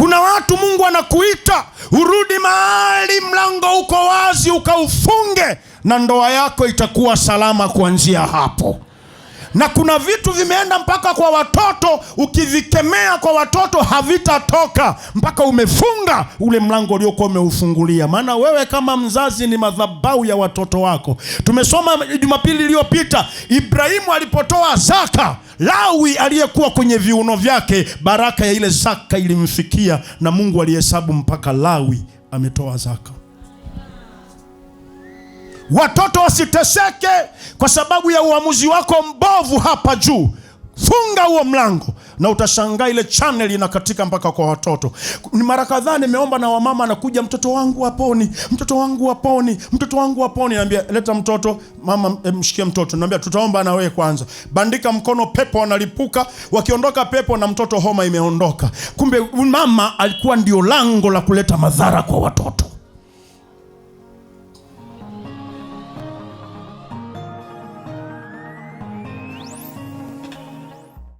Kuna watu Mungu anakuita urudi mahali mlango uko wazi ukaufunge, na ndoa yako itakuwa salama kuanzia hapo na kuna vitu vimeenda mpaka kwa watoto, ukivikemea kwa watoto havitatoka mpaka umefunga ule mlango uliokuwa umeufungulia. Maana wewe kama mzazi ni madhabahu ya watoto wako. Tumesoma Jumapili iliyopita Ibrahimu alipotoa zaka Lawi aliyekuwa kwenye viuno vyake, baraka ya ile zaka ilimfikia, na Mungu alihesabu mpaka Lawi ametoa zaka. Watoto wasiteseke kwa sababu ya uamuzi wako mbovu hapa juu. Funga huo mlango na utashangaa ile channel inakatika mpaka kwa watoto. ni Mara kadhaa nimeomba na wamama, anakuja mtoto wangu waponi, mtoto wangu waponi, mtoto wangu waponi. Naambia leta mtoto mama, eh, mshikie mtoto. Naambia tutaomba na wewe kwanza, bandika mkono, pepo wanalipuka. Wakiondoka pepo na mtoto, homa imeondoka. Kumbe mama alikuwa ndio lango la kuleta madhara kwa watoto.